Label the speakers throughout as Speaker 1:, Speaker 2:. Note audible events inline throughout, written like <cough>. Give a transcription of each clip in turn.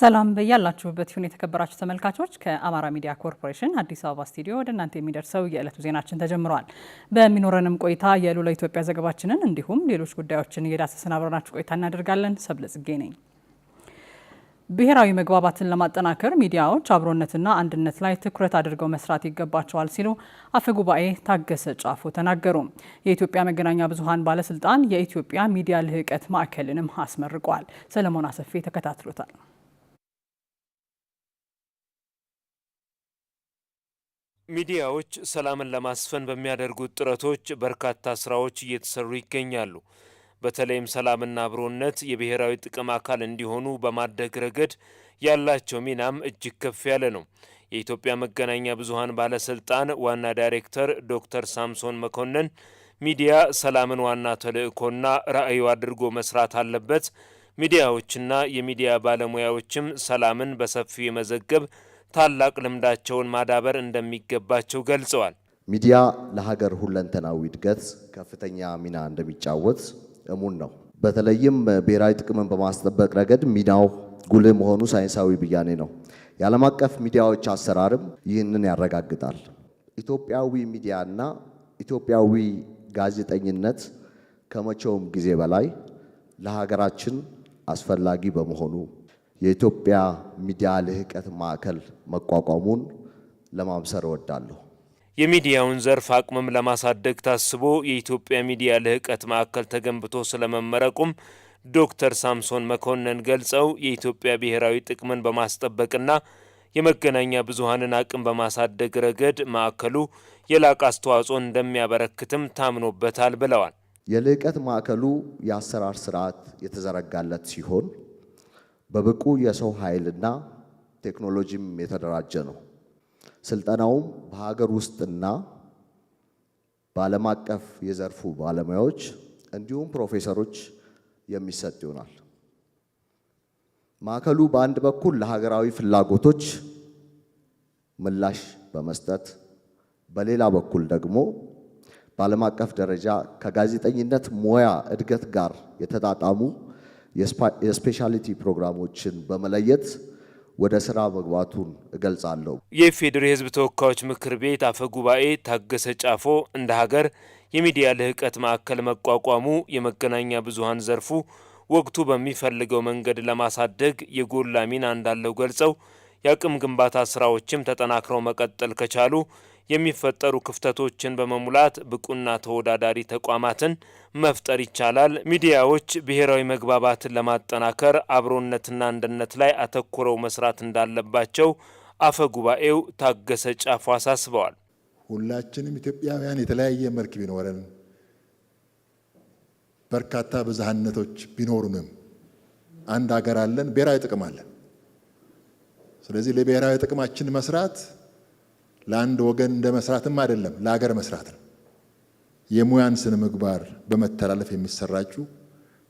Speaker 1: ሰላም በያላችሁበት ይሁን የተከበራችሁ ተመልካቾች። ከአማራ ሚዲያ ኮርፖሬሽን አዲስ አበባ ስቱዲዮ ወደ እናንተ የሚደርሰው የዕለቱ ዜናችን ተጀምረዋል። በሚኖረንም ቆይታ የሉላ ኢትዮጵያ ዘገባችንን እንዲሁም ሌሎች ጉዳዮችን እየዳሰስን አብረናችሁ ቆይታ እናደርጋለን። ጽጌ ነኝ። ብሔራዊ መግባባትን ለማጠናከር ሚዲያዎች አብሮነትና አንድነት ላይ ትኩረት አድርገው መስራት ይገባቸዋል ሲሉ አፈ ጉባኤ ታገሰ ጫፎ ተናገሩ። የኢትዮጵያ መገናኛ ብዙኃን ባለስልጣን የኢትዮጵያ ሚዲያ ልህቀት ማዕከልንም አስመርቋል። ሰለሞን አሰፌ ተከታትሎታል።
Speaker 2: ሚዲያዎች ሰላምን ለማስፈን በሚያደርጉት ጥረቶች በርካታ ስራዎች እየተሰሩ ይገኛሉ። በተለይም ሰላምና አብሮነት የብሔራዊ ጥቅም አካል እንዲሆኑ በማድረግ ረገድ ያላቸው ሚናም እጅግ ከፍ ያለ ነው። የኢትዮጵያ መገናኛ ብዙኃን ባለስልጣን ዋና ዳይሬክተር ዶክተር ሳምሶን መኮንን ሚዲያ ሰላምን ዋና ተልዕኮና ራዕዩ አድርጎ መስራት አለበት፣ ሚዲያዎችና የሚዲያ ባለሙያዎችም ሰላምን በሰፊው የመዘገብ ታላቅ ልምዳቸውን ማዳበር እንደሚገባቸው ገልጸዋል።
Speaker 3: ሚዲያ ለሀገር ሁለንተናዊ እድገት ከፍተኛ ሚና እንደሚጫወት እሙን ነው። በተለይም ብሔራዊ ጥቅምን በማስጠበቅ ረገድ ሚናው ጉልህ መሆኑ ሳይንሳዊ ብያኔ ነው። የዓለም አቀፍ ሚዲያዎች አሰራርም ይህንን ያረጋግጣል። ኢትዮጵያዊ ሚዲያና ኢትዮጵያዊ ጋዜጠኝነት ከመቼውም ጊዜ በላይ ለሀገራችን አስፈላጊ በመሆኑ የኢትዮጵያ ሚዲያ ልህቀት ማዕከል መቋቋሙን ለማብሰር እወዳለሁ።
Speaker 2: የሚዲያውን ዘርፍ አቅምም ለማሳደግ ታስቦ የኢትዮጵያ ሚዲያ ልህቀት ማዕከል ተገንብቶ ስለመመረቁም ዶክተር ሳምሶን መኮንን ገልጸው የኢትዮጵያ ብሔራዊ ጥቅምን በማስጠበቅና የመገናኛ ብዙሃንን አቅም በማሳደግ ረገድ ማዕከሉ የላቀ አስተዋጽኦ እንደሚያበረክትም ታምኖበታል ብለዋል።
Speaker 3: የልህቀት ማዕከሉ የአሰራር ስርዓት የተዘረጋለት ሲሆን በብቁ የሰው ኃይልና ቴክኖሎጂም የተደራጀ ነው። ስልጠናውም በሀገር ውስጥና በዓለም አቀፍ የዘርፉ ባለሙያዎች እንዲሁም ፕሮፌሰሮች የሚሰጥ ይሆናል። ማዕከሉ በአንድ በኩል ለሀገራዊ ፍላጎቶች ምላሽ በመስጠት በሌላ በኩል ደግሞ በዓለም አቀፍ ደረጃ ከጋዜጠኝነት ሙያ እድገት ጋር የተጣጣሙ የስፔሻሊቲ ፕሮግራሞችን በመለየት ወደ ስራ መግባቱን እገልጻለሁ።
Speaker 2: የኢፌዴሪ ሕዝብ ተወካዮች ምክር ቤት አፈ ጉባኤ ታገሰ ጫፎ እንደ ሀገር የሚዲያ ልህቀት ማዕከል መቋቋሙ የመገናኛ ብዙሀን ዘርፉ ወቅቱ በሚፈልገው መንገድ ለማሳደግ የጎላ ሚና እንዳለው ገልጸው የአቅም ግንባታ ስራዎችም ተጠናክረው መቀጠል ከቻሉ የሚፈጠሩ ክፍተቶችን በመሙላት ብቁና ተወዳዳሪ ተቋማትን መፍጠር ይቻላል። ሚዲያዎች ብሔራዊ መግባባትን ለማጠናከር አብሮነትና አንድነት ላይ አተኩረው መስራት እንዳለባቸው አፈ ጉባኤው ታገሰ ጫፎ አሳስበዋል።
Speaker 3: ሁላችንም ኢትዮጵያውያን የተለያየ መልክ ቢኖረን በርካታ ብዝሃነቶች ቢኖሩንም አንድ ሀገር አለን፣ ብሔራዊ ጥቅም አለን። ስለዚህ ለብሔራዊ ጥቅማችን መስራት ለአንድ ወገን እንደ መስራትም አይደለም፣ ለሀገር መስራት ነው። የሙያን ስነ ምግባር በመተላለፍ የሚሰራጩ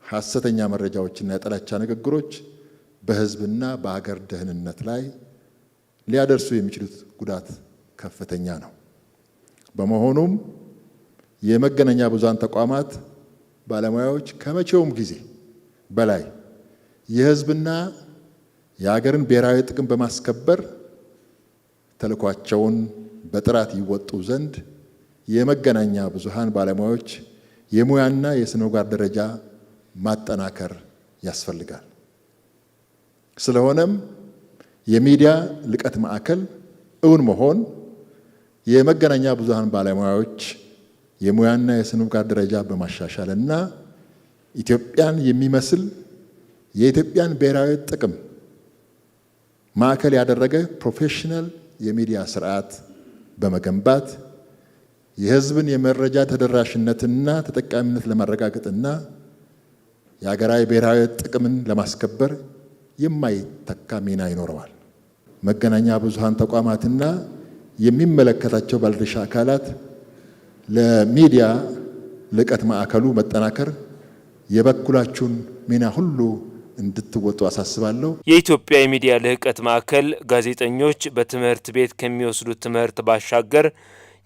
Speaker 3: ሐሰተኛ መረጃዎችና የጥላቻ ንግግሮች በህዝብና በሀገር ደህንነት ላይ ሊያደርሱ የሚችሉት ጉዳት ከፍተኛ ነው። በመሆኑም የመገናኛ ብዙሃን ተቋማት ባለሙያዎች ከመቼውም ጊዜ በላይ የህዝብና የሀገርን ብሔራዊ ጥቅም በማስከበር ተልኳቸውን በጥራት ይወጡ ዘንድ የመገናኛ ብዙሃን ባለሙያዎች የሙያና የስነ ምግባር ደረጃ ማጠናከር ያስፈልጋል። ስለሆነም የሚዲያ ልቀት ማዕከል እውን መሆን የመገናኛ ብዙሃን ባለሙያዎች የሙያና የስነ ምግባር ደረጃ በማሻሻል እና ኢትዮጵያን የሚመስል የኢትዮጵያን ብሔራዊ ጥቅም ማዕከል ያደረገ ፕሮፌሽናል የሚዲያ ስርዓት በመገንባት የህዝብን የመረጃ ተደራሽነትና ተጠቃሚነት ለማረጋገጥና የሀገራዊ ብሔራዊ ጥቅምን ለማስከበር የማይተካ ሚና ይኖረዋል። መገናኛ ብዙሃን ተቋማትና የሚመለከታቸው ባለድርሻ አካላት ለሚዲያ ልቀት ማዕከሉ መጠናከር የበኩላችሁን ሚና ሁሉ እንድትወጡ አሳስባለሁ።
Speaker 2: የኢትዮጵያ የሚዲያ ልህቀት ማዕከል ጋዜጠኞች በትምህርት ቤት ከሚወስዱት ትምህርት ባሻገር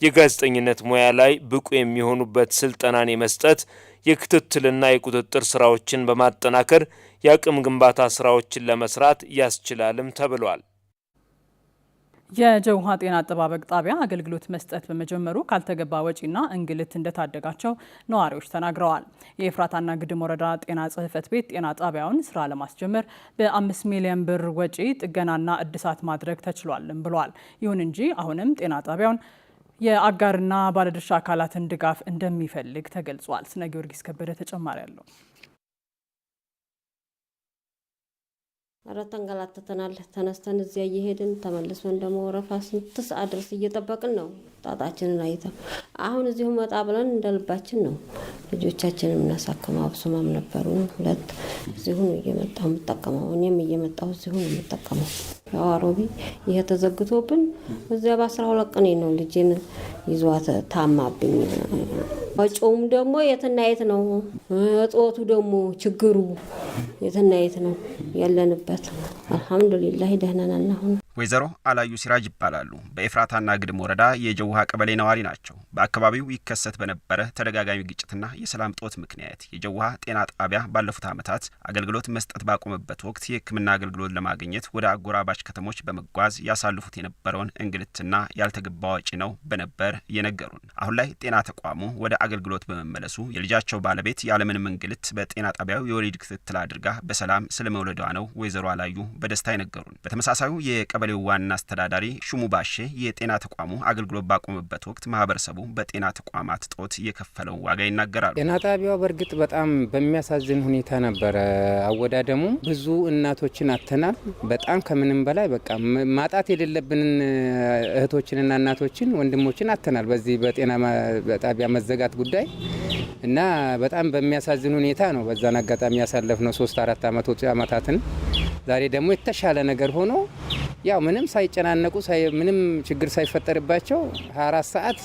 Speaker 2: የጋዜጠኝነት ሙያ ላይ ብቁ የሚሆኑበት ስልጠናን የመስጠት የክትትልና የቁጥጥር ስራዎችን በማጠናከር የአቅም ግንባታ ስራዎችን ለመስራት ያስችላልም ተብሏል።
Speaker 1: የጀውሃ ጤና አጠባበቅ ጣቢያ አገልግሎት መስጠት በመጀመሩ ካልተገባ ወጪና እንግልት እንደታደጋቸው ነዋሪዎች ተናግረዋል። የኤፍራታና ግድም ወረዳ ጤና ጽህፈት ቤት ጤና ጣቢያውን ስራ ለማስጀመር በአምስት ሚሊዮን ብር ወጪ ጥገናና እድሳት ማድረግ ተችሏልም ብሏል። ይሁን እንጂ አሁንም ጤና ጣቢያውን የአጋርና ባለድርሻ አካላትን ድጋፍ እንደሚፈልግ ተገልጿል። ስነ ጊዮርጊስ ከበደ ተጨማሪ አለው።
Speaker 4: ኧረ ተንገላተተናል። ተነስተን እዚያ እየሄድን ተመልሰን ደግሞ ወረፋ ስንት ሰዓት ድረስ እየጠበቅን ነው። ጣጣችንን አይተው አሁን እዚሁ መጣ ብለን እንደ ልባችን ነው ልጆቻችን የምናሳክመው። አብሱማም ነበሩ ሁለት እዚሁ ነው እየመጣሁ የምጠቀመው። እኔም እየመጣሁ እዚሁ ነው የምጠቀመው። አሮቢ ይሄ ተዘግቶብን እዚያ በአስራ ሁለት ቀኔ ነው ልጅን ይዟት ታማብኝ። ወጪውም ደግሞ የትና የት ነው፣ እጦቱ ደግሞ ችግሩ የትና የት ነው ያለንበት። አልሐምዱሊላህ ደህና ነን አሁን።
Speaker 5: ወይዘሮ አላዩ ሲራጅ ይባላሉ። በኤፍራታና ግድም ወረዳ የጀውሃ ቀበሌ ነዋሪ ናቸው። በአካባቢው ይከሰት በነበረ ተደጋጋሚ ግጭትና የሰላም ጦት ምክንያት የጀውሃ ጤና ጣቢያ ባለፉት ዓመታት አገልግሎት መስጠት ባቆመበት ወቅት የሕክምና አገልግሎት ለማግኘት ወደ አጎራባች ከተሞች በመጓዝ ያሳልፉት የነበረውን እንግልትና ያልተገባ ወጪ ነው በነበር የነገሩን። አሁን ላይ ጤና ተቋሙ ወደ አገልግሎት በመመለሱ የልጃቸው ባለቤት ያለምንም እንግልት በጤና ጣቢያው የወሊድ ክትትል አድርጋ በሰላም ስለመውለዷ ነው ወይዘሮ አላዩ በደስታ የነገሩን። በተመሳሳዩ የቀበሌው ዋና አስተዳዳሪ ሹሙ ባሼ የጤና ተቋሙ አገልግሎት ባቆመበት ወቅት ማህበረሰቡ በጤና ተቋማት ጦት የከፈለው ዋጋ ይናገራሉ።
Speaker 6: ጤና ጣቢያው በእርግጥ በጣም በሚያሳዝን ሁኔታ ነበረ። አወዳደሙ ብዙ እናቶችን አተናል። በጣም ከምንም በላይ በቃ ማጣት የሌለብንን እህቶችንና እናቶችን ወንድሞችን አተናል። በዚህ በጤና ጣቢያ መዘጋት ጉዳይ እና በጣም በሚያሳዝን ሁኔታ ነው በዛን አጋጣሚ ያሳለፍ ነው ሶስት አራት አመቶች አመታትን ዛሬ ደግሞ የተሻለ ነገር ሆኖ ያው ምንም ሳይጨናነቁ ምንም ችግር ሳይፈጠርባቸው 24 ሰዓት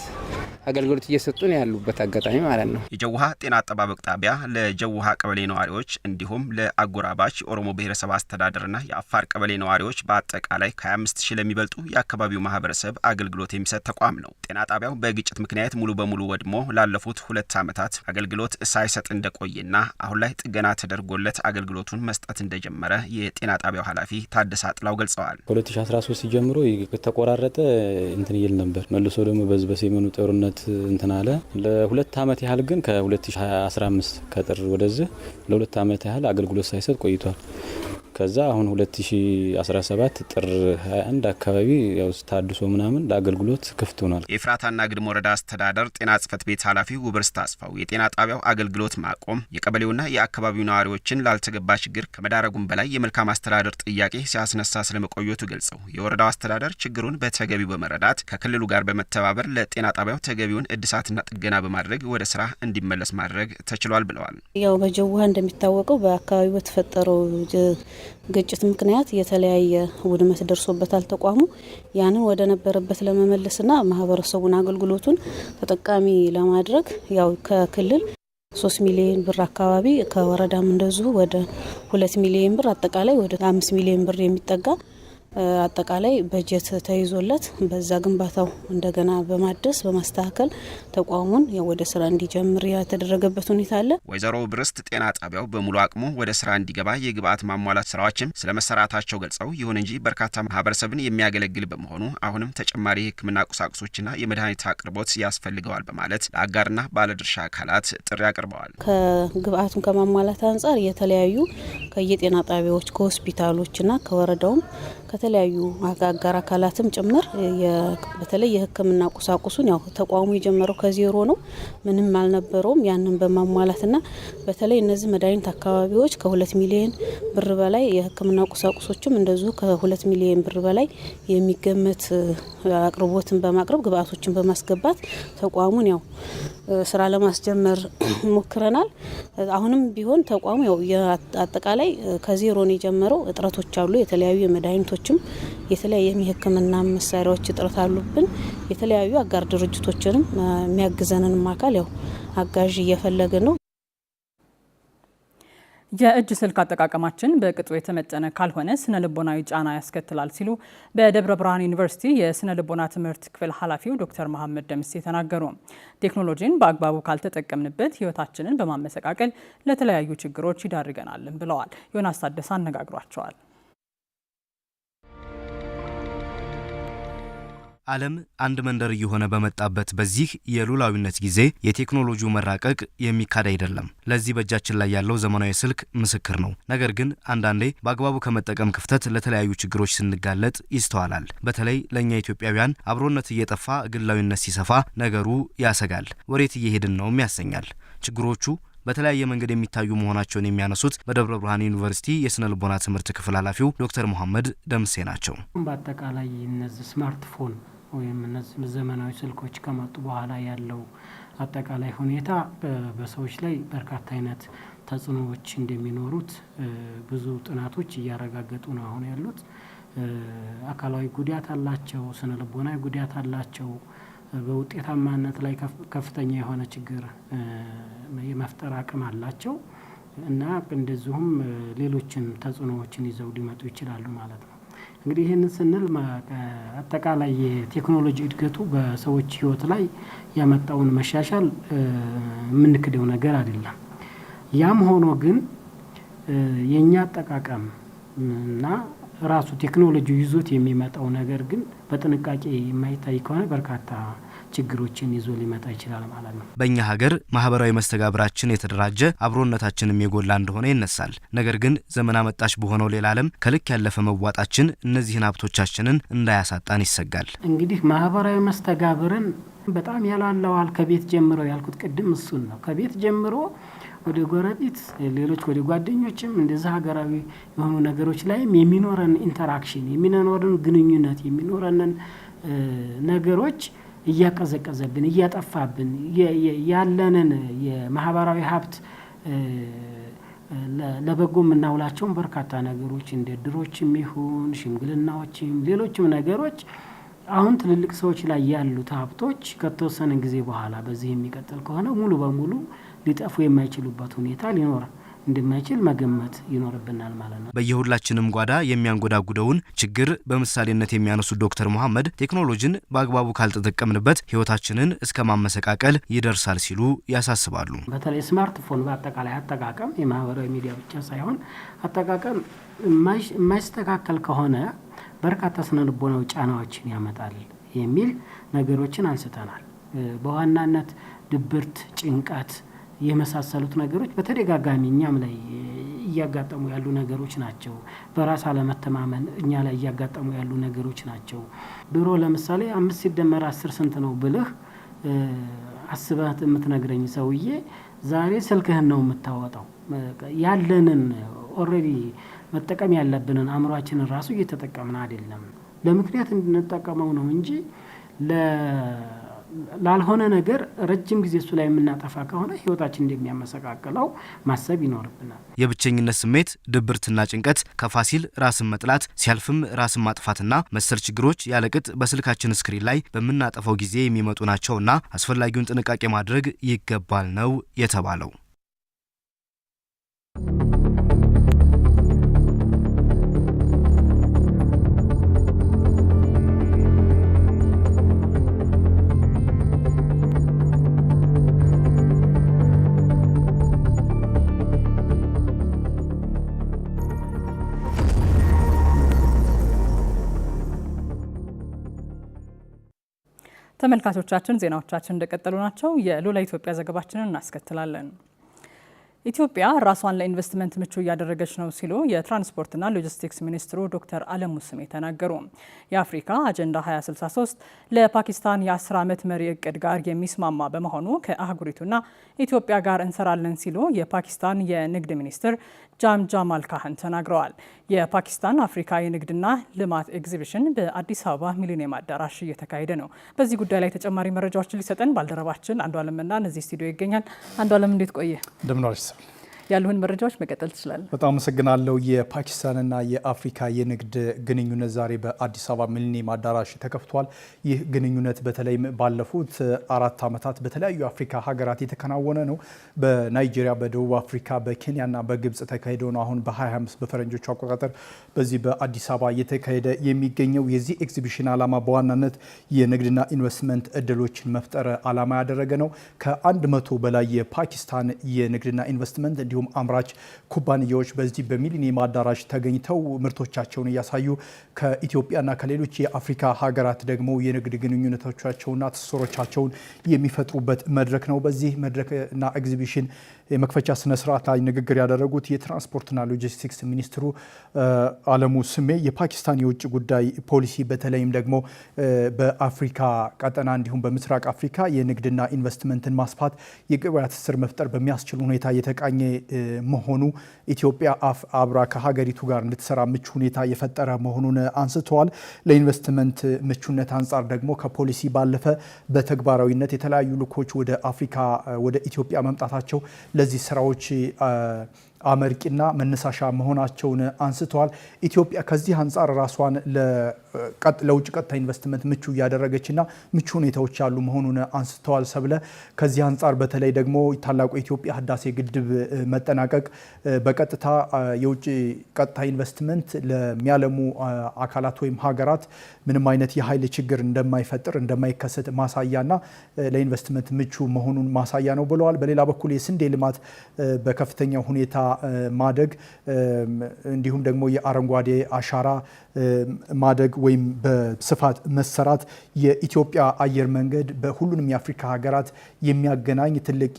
Speaker 6: አገልግሎት እየሰጡን ያሉበት አጋጣሚ ማለት ነው።
Speaker 5: የጀውሃ ጤና አጠባበቅ ጣቢያ ለጀውሃ ቀበሌ ነዋሪዎች እንዲሁም ለአጎራባች የኦሮሞ ብሔረሰብ አስተዳደርና የአፋር ቀበሌ ነዋሪዎች በአጠቃላይ ከ25 ሺህ ለሚበልጡ የአካባቢው ማህበረሰብ አገልግሎት የሚሰጥ ተቋም ነው። ጤና ጣቢያው በግጭት ምክንያት ሙሉ በሙሉ ወድሞ ላለፉት ሁለት ዓመታት አገልግሎት ሳይሰጥ እንደቆየና አሁን ላይ ጥገና ተደርጎለት አገልግሎቱን መስጠት እንደጀመረ የጤና የጤና ጣቢያው ኃላፊ ታደሰ አጥላው ገልጸዋል።
Speaker 7: ከ2013 ጀምሮ ተቆራረጠ እንትን ይል ነበር። መልሶ ደግሞ በዚህ በሰሜኑ ጦርነት እንትን አለ። ለሁለት ዓመት ያህል ግን ከ2015 ከጥር ወደዚህ ለሁለት ዓመት ያህል አገልግሎት ሳይሰጥ ቆይቷል። ከዛ አሁን 2017 ጥር 21 አካባቢ ያው ታድሶ ምናምን ለአገልግሎት ክፍት ሆኗል።
Speaker 5: የኤፍራታና ግድም ወረዳ አስተዳደር ጤና ጽሕፈት ቤት ኃላፊ ውብርስ ታስፋው የጤና ጣቢያው አገልግሎት ማቆም የቀበሌውና የአካባቢው ነዋሪዎችን ላልተገባ ችግር ከመዳረጉም በላይ የመልካም አስተዳደር ጥያቄ ሲያስነሳ ስለመቆየቱ ገልጸው የወረዳው አስተዳደር ችግሩን በተገቢው በመረዳት ከክልሉ ጋር በመተባበር ለጤና ጣቢያው ተገቢውን እድሳትና ጥገና በማድረግ ወደ ስራ እንዲመለስ ማድረግ ተችሏል ብለዋል።
Speaker 4: ያው በጀውሃ እንደሚታወቀው በአካባቢው በተፈጠረው ግጭት ምክንያት የተለያየ ውድመት ደርሶበታል ተቋሙ። ያንን ወደ ነበረበት ለመመለስና ማህበረሰቡን አገልግሎቱን ተጠቃሚ ለማድረግ ያው ከክልል ሶስት ሚሊዮን ብር አካባቢ ከወረዳም እንደዚሁ ወደ ሁለት ሚሊዮን ብር አጠቃላይ ወደ አምስት ሚሊዮን ብር የሚጠጋ አጠቃላይ በጀት ተይዞለት በዛ ግንባታው እንደገና በማደስ በማስተካከል ተቋሙን ወደ ስራ እንዲጀምር የተደረገበት ሁኔታ አለ።
Speaker 5: ወይዘሮ ብርስት ጤና ጣቢያው በሙሉ አቅሙ ወደ ስራ እንዲገባ የግብአት ማሟላት ስራዎችም ስለመሰራታቸው ገልጸው፣ ይሁን እንጂ በርካታ ማህበረሰብን የሚያገለግል በመሆኑ አሁንም ተጨማሪ የህክምና ቁሳቁሶችና የመድኃኒት አቅርቦት ያስፈልገዋል በማለት ለአጋርና ባለድርሻ አካላት ጥሪ አቅርበዋል።
Speaker 4: ከግብአቱን ከማሟላት አንጻር የተለያዩ ከየጤና ጣቢያዎች ከሆስፒታሎችና ከወረዳውም ከተለያዩ አጋር አካላትም ጭምር በተለይ የሕክምና ቁሳቁሱን ያው ተቋሙ የጀመረው ከዜሮ ነው፣ ምንም አልነበረውም። ያንን በማሟላትና በተለይ እነዚህ መድኃኒት አካባቢዎች ከሁለት ሚሊዮን ብር በላይ የሕክምና ቁሳቁሶችም እንደዚሁ ከሁለት ሚሊዮን ብር በላይ የሚገመት አቅርቦትን በማቅረብ ግብአቶችን በማስገባት ተቋሙን ያው ስራ ለማስጀመር <clears throat> ሞክረናል። አሁንም ቢሆን ተቋሙ ያው አጠቃላይ ከዜሮ ነው የጀመረው። እጥረቶች አሉ። የተለያዩ የመድኃኒቶችም የተለያየ የሕክምና መሳሪያዎች እጥረት አሉብን። የተለያዩ አጋር ድርጅቶችንም የሚያግዘንንም አካል ያው አጋዥ እየፈለግን ነው።
Speaker 1: የእጅ ስልክ አጠቃቀማችን በቅጡ የተመጠነ ካልሆነ ስነ ልቦናዊ ጫና ያስከትላል ሲሉ በደብረ ብርሃን ዩኒቨርሲቲ የስነ ልቦና ትምህርት ክፍል ኃላፊው ዶክተር መሐመድ ደምሴ ተናገሩ። ቴክኖሎጂን በአግባቡ ካልተጠቀምንበት ህይወታችንን በማመሰቃቀል ለተለያዩ ችግሮች ይዳርገናልን ብለዋል። ዮናስ ታደሰ አነጋግሯቸዋል።
Speaker 8: ዓለም አንድ መንደር እየሆነ በመጣበት በዚህ የሉላዊነት ጊዜ የቴክኖሎጂው መራቀቅ የሚካድ አይደለም። ለዚህ በእጃችን ላይ ያለው ዘመናዊ ስልክ ምስክር ነው። ነገር ግን አንዳንዴ በአግባቡ ከመጠቀም ክፍተት ለተለያዩ ችግሮች ስንጋለጥ ይስተዋላል። በተለይ ለእኛ ኢትዮጵያውያን አብሮነት እየጠፋ ግላዊነት ሲሰፋ ነገሩ ያሰጋል። ወዴት እየሄድን ነውም ያሰኛል። ችግሮቹ በተለያየ መንገድ የሚታዩ መሆናቸውን የሚያነሱት በደብረ ብርሃን ዩኒቨርሲቲ የስነ ልቦና ትምህርት ክፍል ኃላፊው ዶክተር መሐመድ ደምሴ ናቸው።
Speaker 9: በአጠቃላይ እነዚህ ስማርትፎን ወይም እነዚህ ዘመናዊ ስልኮች ከመጡ በኋላ ያለው አጠቃላይ ሁኔታ በሰዎች ላይ በርካታ አይነት ተጽዕኖዎች እንደሚኖሩት ብዙ ጥናቶች እያረጋገጡ ነው አሁን ያሉት። አካላዊ ጉዳት አላቸው፣ ስነ ልቦናዊ ጉዳት አላቸው፣ በውጤታማነት ላይ ከፍተኛ የሆነ ችግር የመፍጠር አቅም አላቸው እና እንደዚሁም ሌሎችን ተጽዕኖዎችን ይዘው ሊመጡ ይችላሉ ማለት ነው። እንግዲህ ይህንን ስንል አጠቃላይ የቴክኖሎጂ እድገቱ በሰዎች ህይወት ላይ ያመጣውን መሻሻል የምንክደው ነገር አይደለም። ያም ሆኖ ግን የእኛ አጠቃቀም እና ራሱ ቴክኖሎጂ ይዞት የሚመጣው ነገር ግን በጥንቃቄ የማይታይ ከሆነ በርካታ ችግሮችን ይዞ ሊመጣ ይችላል ማለት ነው።
Speaker 8: በእኛ ሀገር ማህበራዊ መስተጋብራችን የተደራጀ አብሮነታችን የጎላ እንደሆነ ይነሳል። ነገር ግን ዘመን አመጣሽ በሆነው ሌላ ዓለም ከልክ ያለፈ መዋጣችን እነዚህን ሀብቶቻችንን እንዳያሳጣን ይሰጋል።
Speaker 9: እንግዲህ ማህበራዊ መስተጋብርን በጣም ያላለዋል ከቤት ጀምሮ ያልኩት ቅድም እሱን ነው። ከቤት ጀምሮ ወደ ጎረቤት፣ ሌሎች ወደ ጓደኞችም እንደዚህ ሀገራዊ የሆኑ ነገሮች ላይም የሚኖረን ኢንተራክሽን የሚኖረን ግንኙነት የሚኖረንን ነገሮች እያቀዘቀዘብን እያጠፋብን ያለንን የማህበራዊ ሀብት ለበጎ የምናውላቸውን በርካታ ነገሮች እንደ ድሮችም ይሁን ሽምግልናዎችም ሌሎችም ነገሮች አሁን ትልልቅ ሰዎች ላይ ያሉት ሀብቶች ከተወሰነ ጊዜ በኋላ በዚህ የሚቀጥል ከሆነ ሙሉ በሙሉ ሊጠፉ የማይችሉበት ሁኔታ ሊኖራል። እንደማይችል መገመት ይኖርብናል ማለት
Speaker 8: ነው። በየሁላችንም ጓዳ የሚያንጎዳጉደውን ችግር በምሳሌነት የሚያነሱት ዶክተር መሐመድ ቴክኖሎጂን በአግባቡ ካልተጠቀምንበት ህይወታችንን እስከ ማመሰቃቀል ይደርሳል ሲሉ ያሳስባሉ።
Speaker 9: በተለይ ስማርትፎን በአጠቃላይ አጠቃቀም የማህበራዊ ሚዲያ ብቻ ሳይሆን አጠቃቀም የማይስተካከል ከሆነ በርካታ ስነ ልቦናዊ ጫናዎችን ያመጣል የሚል ነገሮችን አንስተናል። በዋናነት ድብርት፣ ጭንቀት የመሳሰሉት ነገሮች በተደጋጋሚ እኛም ላይ እያጋጠሙ ያሉ ነገሮች ናቸው። በራስ አለመተማመን እኛ ላይ እያጋጠሙ ያሉ ነገሮች ናቸው። ድሮ ለምሳሌ አምስት ሲደመር አስር ስንት ነው ብልህ አስበህ የምትነግረኝ ሰውዬ ዛሬ ስልክህን ነው የምታወጣው። ያለንን ኦልሬዲ መጠቀም ያለብንን አእምሯችንን ራሱ እየተጠቀምን አይደለም። ለምክንያት እንድንጠቀመው ነው እንጂ ላልሆነ ነገር ረጅም ጊዜ እሱ ላይ የምናጠፋ ከሆነ ህይወታችን እንደሚያመሰቃቅለው ማሰብ ይኖርብናል።
Speaker 8: የብቸኝነት ስሜት፣ ድብርትና ጭንቀት ከፋሲል ራስን መጥላት ሲያልፍም ራስን ማጥፋትና መሰል ችግሮች ያለቅጥ በስልካችን ስክሪን ላይ በምናጠፋው ጊዜ የሚመጡ ናቸውና አስፈላጊውን ጥንቃቄ ማድረግ ይገባል ነው የተባለው።
Speaker 1: ተመልካቾቻችን ዜናዎቻችን እንደቀጠሉ ናቸው። የሉላ ኢትዮጵያ ዘገባችንን እናስከትላለን። ኢትዮጵያ ራሷን ለኢንቨስትመንት ምቹ እያደረገች ነው ሲሉ የትራንስፖርትና ሎጂስቲክስ ሚኒስትሩ ዶክተር አለሙ ስሜ ተናገሩ። የአፍሪካ አጀንዳ 2063 ለፓኪስታን የ10 ዓመት መሪ እቅድ ጋር የሚስማማ በመሆኑ ከአህጉሪቱና ኢትዮጵያ ጋር እንሰራለን ሲሉ የፓኪስታን የንግድ ሚኒስትር ጃም ጃማል ካህን ተናግረዋል። የፓኪስታን አፍሪካ የንግድና ልማት ኤግዚቢሽን በአዲስ አበባ ሚሊኒየም አዳራሽ እየተካሄደ ነው። በዚህ ጉዳይ ላይ ተጨማሪ መረጃዎችን ሊሰጠን ባልደረባችን አንዷ አለምና እዚህ ስቱዲዮ ይገኛል። አንዷ አለም እንዴት ቆየ? ያሉን መረጃዎች መቀጠል ትችላለን።
Speaker 10: በጣም አመሰግናለሁ። የፓኪስታንና የአፍሪካ የንግድ ግንኙነት ዛሬ በአዲስ አበባ ሚሊኒየም አዳራሽ ተከፍቷል። ይህ ግንኙነት በተለይም ባለፉት አራት ዓመታት በተለያዩ የአፍሪካ ሀገራት የተከናወነ ነው። በናይጄሪያ፣ በደቡብ አፍሪካ፣ በኬንያና በግብጽ ተካሂደው ነው አሁን በ25 በፈረንጆቹ አቆጣጠር በዚህ በአዲስ አበባ እየተካሄደ የሚገኘው የዚህ ኤግዚቢሽን ዓላማ በዋናነት የንግድና ኢንቨስትመንት እድሎችን መፍጠር ዓላማ ያደረገ ነው። ከ መቶ በላይ የፓኪስታን የንግድና ኢንቨስትመንት እንዲሁ እንዲሁም አምራች ኩባንያዎች በዚህ በሚሊኒየም አዳራሽ ተገኝተው ምርቶቻቸውን እያሳዩ ከኢትዮጵያና ከሌሎች የአፍሪካ ሀገራት ደግሞ የንግድ ግንኙነቶቻቸውና ትስስሮቻቸውን የሚፈጥሩበት መድረክ ነው። በዚህ መድረክና ኤግዚቢሽን የመክፈቻ ስነስርዓት ላይ ንግግር ያደረጉት የትራንስፖርትና ሎጂስቲክስ ሚኒስትሩ አለሙ ስሜ የፓኪስታን የውጭ ጉዳይ ፖሊሲ በተለይም ደግሞ በአፍሪካ ቀጠና እንዲሁም በምስራቅ አፍሪካ የንግድና ኢንቨስትመንትን ማስፋት የገበያ ትስስር መፍጠር በሚያስችል ሁኔታ የተቃኘ መሆኑ ኢትዮጵያ አብራ ከሀገሪቱ ጋር እንድትሰራ ምቹ ሁኔታ የፈጠረ መሆኑን አንስተዋል። ለኢንቨስትመንት ምቹነት አንጻር ደግሞ ከፖሊሲ ባለፈ በተግባራዊነት የተለያዩ ልኮች ወደ አፍሪካ ወደ ኢትዮጵያ መምጣታቸው ለዚህ ስራዎች አመርቂና መነሳሻ መሆናቸውን አንስተዋል። ኢትዮጵያ ከዚህ አንጻር ራሷን ለውጭ ቀጥታ ኢንቨስትመንት ምቹ እያደረገችና ምቹ ሁኔታዎች ያሉ መሆኑን አንስተዋል። ሰብለ ከዚህ አንጻር በተለይ ደግሞ ታላቁ የኢትዮጵያ ህዳሴ ግድብ መጠናቀቅ በቀጥታ የውጭ ቀጥታ ኢንቨስትመንት ለሚያለሙ አካላት ወይም ሀገራት ምንም አይነት የኃይል ችግር እንደማይፈጥር እንደማይከሰት ማሳያና ለኢንቨስትመንት ምቹ መሆኑን ማሳያ ነው ብለዋል። በሌላ በኩል የስንዴ ልማት በከፍተኛ ሁኔታ ማደግ እንዲሁም ደግሞ የአረንጓዴ አሻራ ማደግ ወይም በስፋት መሰራት የኢትዮጵያ አየር መንገድ በሁሉንም የአፍሪካ ሀገራት የሚያገናኝ ትልቅ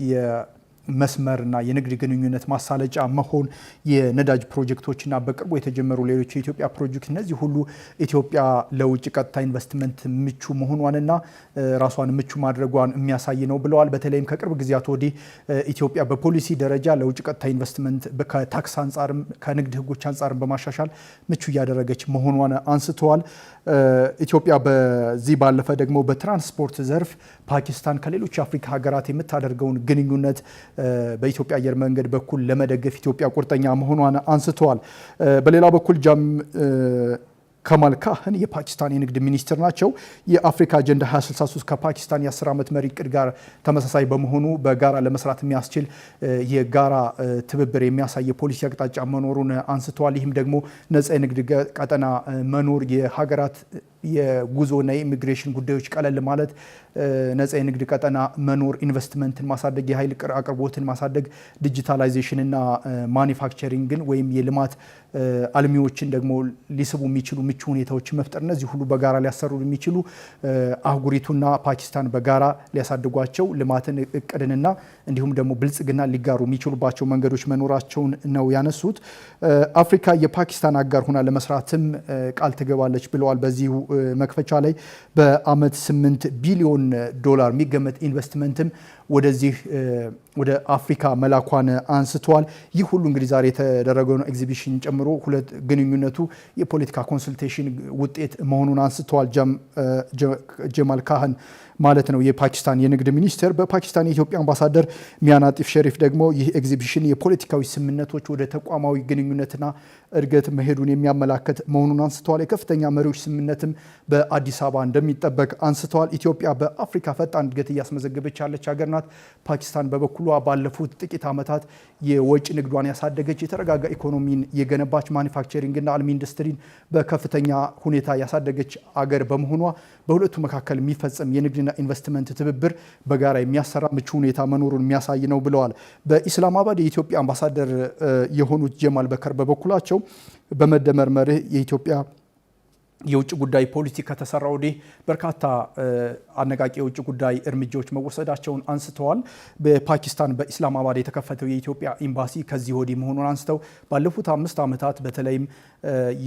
Speaker 10: መስመርና የንግድ ግንኙነት ማሳለጫ መሆን የነዳጅ ፕሮጀክቶችና በቅርቡ የተጀመሩ ሌሎች የኢትዮጵያ ፕሮጀክት እነዚህ ሁሉ ኢትዮጵያ ለውጭ ቀጥታ ኢንቨስትመንት ምቹ መሆኗንና ራሷን ምቹ ማድረጓን የሚያሳይ ነው ብለዋል። በተለይም ከቅርብ ጊዜያት ወዲህ ኢትዮጵያ በፖሊሲ ደረጃ ለውጭ ቀጥታ ኢንቨስትመንት ከታክስ አንጻርም ከንግድ ህጎች አንጻርም በማሻሻል ምቹ እያደረገች መሆኗን አንስተዋል። ኢትዮጵያ በዚህ ባለፈ ደግሞ በትራንስፖርት ዘርፍ ፓኪስታን ከሌሎች የአፍሪካ ሀገራት የምታደርገውን ግንኙነት በኢትዮጵያ አየር መንገድ በኩል ለመደገፍ ኢትዮጵያ ቁርጠኛ መሆኗን አንስተዋል። በሌላ በኩል ከማል ካህን የፓኪስታን የንግድ ሚኒስትር ናቸው። የአፍሪካ አጀንዳ 2063 ከፓኪስታን የ10 ዓመት መሪ እቅድ ጋር ተመሳሳይ በመሆኑ በጋራ ለመስራት የሚያስችል የጋራ ትብብር የሚያሳይ የፖሊሲ አቅጣጫ መኖሩን አንስተዋል። ይህም ደግሞ ነጻ የንግድ ቀጠና መኖር የሀገራት የጉዞና የኢሚግሬሽን ጉዳዮች ቀለል ማለት፣ ነጻ የንግድ ቀጠና መኖር፣ ኢንቨስትመንትን ማሳደግ፣ የኃይል አቅርቦትን ማሳደግ፣ ዲጂታላይዜሽንና ማኒፋክቸሪንግን ወይም የልማት አልሚዎችን ደግሞ ሊስቡ የሚችሉ ምቹ ሁኔታዎችን መፍጠር፣ እነዚህ ሁሉ በጋራ ሊያሰሩ የሚችሉ አህጉሪቱና ፓኪስታን በጋራ ሊያሳድጓቸው ልማትን እቅድንና እንዲሁም ደግሞ ብልጽግና ሊጋሩ የሚችሉባቸው መንገዶች መኖራቸውን ነው ያነሱት። አፍሪካ የፓኪስታን አጋር ሆና ለመስራትም ቃል ትገባለች ብለዋል። በዚሁ መክፈቻ ላይ በአመት 8 ቢሊዮን ዶላር የሚገመት ኢንቨስትመንትም ወደዚህ ወደ አፍሪካ መላኳን አንስተዋል። ይህ ሁሉ እንግዲህ ዛሬ የተደረገውን ኤግዚቢሽን ጨምሮ ሁለት ግንኙነቱ የፖለቲካ ኮንሱልቴሽን ውጤት መሆኑን አንስተዋል። ጀማል ካህን ማለት ነው የፓኪስታን የንግድ ሚኒስትር። በፓኪስታን የኢትዮጵያ አምባሳደር ሚያናጢፍ ሸሪፍ ደግሞ ይህ ኤግዚቢሽን የፖለቲካዊ ስምምነቶች ወደ ተቋማዊ ግንኙነትና እድገት መሄዱን የሚያመላክት መሆኑን አንስተዋል። የከፍተኛ መሪዎች ስምምነትም በአዲስ አበባ እንደሚጠበቅ አንስተዋል። ኢትዮጵያ በአፍሪካ ፈጣን እድገት እያስመዘገበች ያለች ሀገር ናት። ፓኪስታን በበኩሏ ባለፉት ጥቂት ዓመታት የወጪ ንግዷን ያሳደገች፣ የተረጋጋ ኢኮኖሚን የገነባች፣ ማኒፋክቸሪንግና አልሚ ኢንዱስትሪን በከፍተኛ ሁኔታ ያሳደገች አገር በመሆኗ በሁለቱ መካከል የሚፈጸም የንግድና ኢንቨስትመንት ትብብር በጋራ የሚያሰራ ምቹ ሁኔታ መኖሩን የሚያሳይ ነው ብለዋል። በኢስላማባድ የኢትዮጵያ አምባሳደር የሆኑት ጀማል በከር በበኩላቸው ናቸው። በመደመር መርህ የኢትዮጵያ የውጭ ጉዳይ ፖሊሲ ከተሰራ ወዲህ በርካታ አነቃቂ የውጭ ጉዳይ እርምጃዎች መወሰዳቸውን አንስተዋል። በፓኪስታን በኢስላማባድ የተከፈተው የኢትዮጵያ ኤምባሲ ከዚህ ወዲህ መሆኑን አንስተው ባለፉት አምስት ዓመታት በተለይም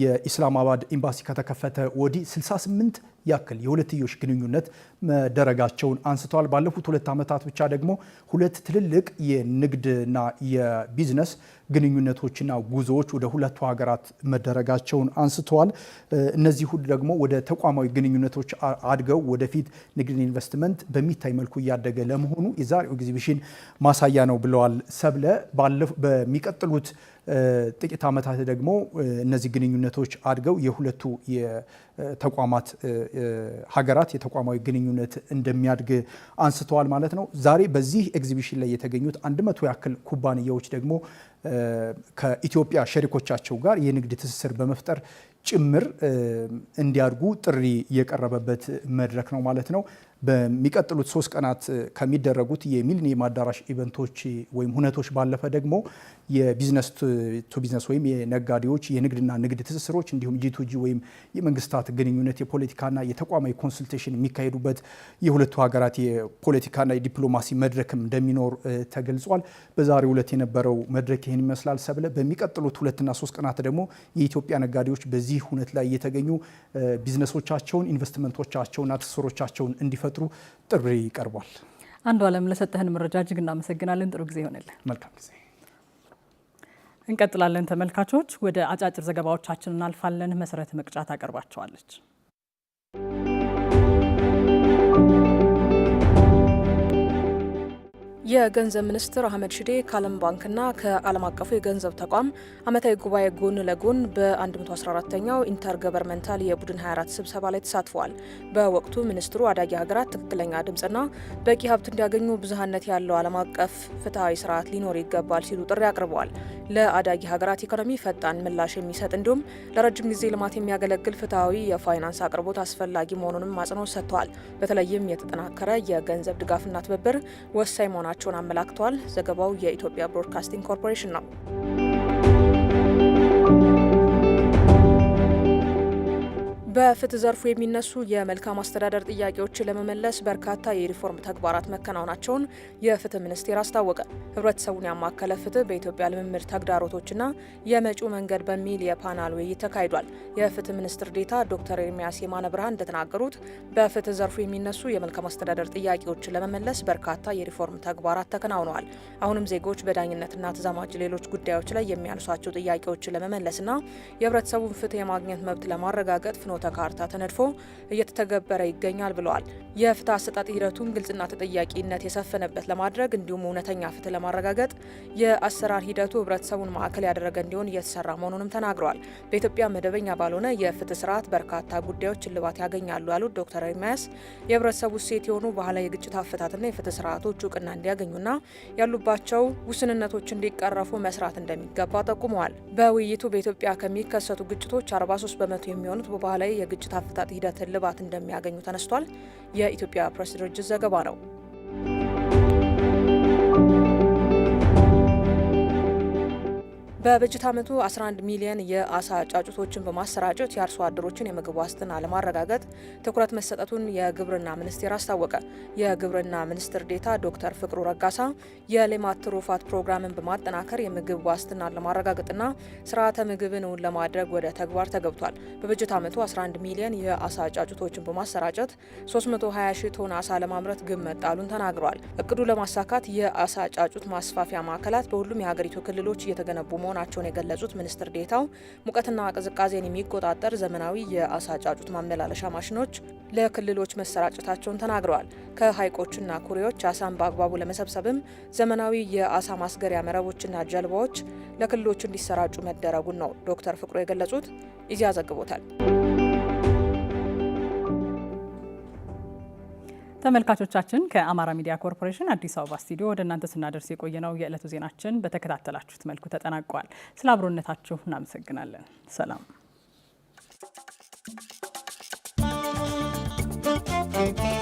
Speaker 10: የኢስላማባድ ኤምባሲ ከተከፈተ ወዲህ 68 ያክል የሁለትዮሽ ግንኙነት መደረጋቸውን አንስተዋል። ባለፉት ሁለት ዓመታት ብቻ ደግሞ ሁለት ትልልቅ የንግድና የቢዝነስ ግንኙነቶችና ጉዞዎች ወደ ሁለቱ ሀገራት መደረጋቸውን አንስተዋል። እነዚህ ሁሉ ደግሞ ወደ ተቋማዊ ግንኙነቶች አድገው ወደፊት ንግድን ኢንቨስትመንት በሚታይ መልኩ እያደገ ለመሆኑ የዛሬው ኤግዚቢሽን ማሳያ ነው ብለዋል ሰብለ። በሚቀጥሉት ጥቂት ዓመታት ደግሞ እነዚህ ግንኙነቶች አድገው የሁለቱ የተቋማት ሀገራት የተቋማዊ ግንኙነት እንደሚያድግ አንስተዋል ማለት ነው። ዛሬ በዚህ ኤግዚቢሽን ላይ የተገኙት አንድ መቶ ያክል ኩባንያዎች ደግሞ ከኢትዮጵያ ሸሪኮቻቸው ጋር የንግድ ትስስር በመፍጠር ጭምር እንዲያድጉ ጥሪ የቀረበበት መድረክ ነው ማለት ነው። በሚቀጥሉት ሶስት ቀናት ከሚደረጉት የሚሊኒየም አዳራሽ ኢቨንቶች ወይም ሁነቶች ባለፈ ደግሞ የቢዝነስ ቱ ቢዝነስ ወይም የነጋዴዎች የንግድና ንግድ ትስስሮች እንዲሁም ጂቱጂ ወይም የመንግስታት ግንኙነት የፖለቲካና የተቋማዊ ኮንሱልቴሽን የሚካሄዱበት የሁለቱ ሀገራት የፖለቲካና የዲፕሎማሲ መድረክም እንደሚኖር ተገልጿል። በዛሬው ዕለት የነበረው መድረክ ይህን ይመስላል። ሰብለ፣ በሚቀጥሉት ሁለትና ሶስት ቀናት ደግሞ የኢትዮጵያ ነጋዴዎች በዚህ ሁነት ላይ የተገኙ ቢዝነሶቻቸውን፣ ኢንቨስትመንቶቻቸውና ትስስሮቻቸውን እንዲፈጥሩ ጥሪ ቀርቧል።
Speaker 1: አንዱ አለም፣ ለሰጠህን መረጃ እጅግ እናመሰግናለን። ጥሩ ጊዜ ይሆንልን። መልካም ጊዜ እንቀጥላለን ተመልካቾች። ወደ አጫጭር ዘገባዎቻችን እናልፋለን። መሰረት መቅጫት አቀርባቸዋለች። የገንዘብ ሚኒስትር አህመድ ሽዴ ከዓለም ባንክና ከዓለም አቀፉ የገንዘብ ተቋም ዓመታዊ ጉባኤ ጎን ለጎን በ114ኛው ኢንተር ገቨርንመንታል የቡድን 24 ስብሰባ ላይ ተሳትፈዋል። በወቅቱ ሚኒስትሩ አዳጊ ሀገራት ትክክለኛ ድምፅና በቂ ሀብት እንዲያገኙ ብዝሃነት ያለው ዓለም አቀፍ ፍትሐዊ ስርዓት ሊኖር ይገባል ሲሉ ጥሪ አቅርበዋል። ለአዳጊ ሀገራት ኢኮኖሚ ፈጣን ምላሽ የሚሰጥ እንዲሁም ለረጅም ጊዜ ልማት የሚያገለግል ፍትሐዊ የፋይናንስ አቅርቦት አስፈላጊ መሆኑንም አጽንኦት ሰጥተዋል። በተለይም የተጠናከረ የገንዘብ ድጋፍና ትብብር ወሳኝ መሆናቸው መሆናቸውን አመላክተዋል። ዘገባው የኢትዮጵያ ብሮድካስቲንግ ኮርፖሬሽን ነው። በፍትህ ዘርፉ የሚነሱ የመልካም አስተዳደር ጥያቄዎችን ለመመለስ በርካታ የሪፎርም ተግባራት መከናወናቸውን የፍትህ ሚኒስቴር አስታወቀ። ህብረተሰቡን ያማከለ ፍትህ በኢትዮጵያ ልምምድ ተግዳሮቶችና የመጪው መንገድ በሚል የፓናል ውይይት ተካሂዷል። የፍትህ ሚኒስትር ዴታ ዶክተር ኤርሚያስ የማነ ብርሃን እንደተናገሩት በፍትህ ዘርፉ የሚነሱ የመልካም አስተዳደር ጥያቄዎችን ለመመለስ በርካታ የሪፎርም ተግባራት ተከናውነዋል። አሁንም ዜጎች በዳኝነትና ተዛማጅ ሌሎች ጉዳዮች ላይ የሚያነሷቸው ጥያቄዎችን ለመመለስና የህብረተሰቡን ፍትህ የማግኘት መብት ለማረጋገጥ ፍኖ ፍኖተ ካርታ ተነድፎ እየተተገበረ ይገኛል ብለዋል። የፍትህ አሰጣጥ ሂደቱን ግልጽና ተጠያቂነት የሰፈነበት ለማድረግ እንዲሁም እውነተኛ ፍትህ ለማረጋገጥ የአሰራር ሂደቱ ህብረተሰቡን ማዕከል ያደረገ እንዲሆን እየተሰራ መሆኑንም ተናግረዋል። በኢትዮጵያ መደበኛ ባልሆነ የፍትህ ስርዓት በርካታ ጉዳዮች እልባት ያገኛሉ ያሉት ዶክተር ኤርሚያስ የህብረተሰቡ እሴት የሆኑ ባህላዊ የግጭት አፈታትና የፍትህ ስርዓቶች እውቅና እንዲያገኙና ያሉባቸው ውስንነቶች እንዲቀረፉ መስራት እንደሚገባ ጠቁመዋል። በውይይቱ በኢትዮጵያ ከሚከሰቱ ግጭቶች 43 በመቶ የሚሆኑት በባህላዊ ላይ የግጭት አፈታት ሂደት እልባት እንደሚያገኙ ተነስቷል። የኢትዮጵያ ፕሬስ ድርጅት ዘገባ ነው። በበጀት ዓመቱ 11 ሚሊዮን የአሳ ጫጩቶችን በማሰራጨት የአርሶ አደሮችን የምግብ ዋስትና ለማረጋገጥ ትኩረት መሰጠቱን የግብርና ሚኒስቴር አስታወቀ። የግብርና ሚኒስትር ዴታ ዶክተር ፍቅሩ ረጋሳ የሌማት ትሩፋት ፕሮግራምን በማጠናከር የምግብ ዋስትናን ለማረጋገጥና ስርዓተ ምግብን እውን ለማድረግ ወደ ተግባር ተገብቷል። በበጀት ዓመቱ 11 ሚሊዮን የአሳ ጫጩቶችን በማሰራጨት 320 ሺህ ቶን አሳ ለማምረት ግብ መጣሉን ተናግረዋል። እቅዱ ለማሳካት የአሳ ጫጩት ማስፋፊያ ማዕከላት በሁሉም የሀገሪቱ ክልሎች እየተገነቡ መሆ መሆናቸውን የገለጹት ሚኒስትር ዴታው ሙቀትና ቅዝቃዜን የሚቆጣጠር ዘመናዊ የአሳ ጫጩት ማመላለሻ ማሽኖች ለክልሎች መሰራጨታቸውን ተናግረዋል። ከሀይቆችና ኩሬዎች አሳን በአግባቡ ለመሰብሰብም ዘመናዊ የአሳ ማስገሪያ መረቦችና ጀልባዎች ለክልሎች እንዲሰራጩ መደረጉን ነው ዶክተር ፍቅሩ የገለጹት። ኢዜአ ዘግቦታል። ተመልካቾቻችን ከአማራ ሚዲያ ኮርፖሬሽን አዲስ አበባ ስቱዲዮ ወደ እናንተ ስናደርስ የቆየነው የዕለቱ ዜናችን በተከታተላችሁት መልኩ ተጠናቋል። ስለ አብሮነታችሁ እናመሰግናለን። ሰላም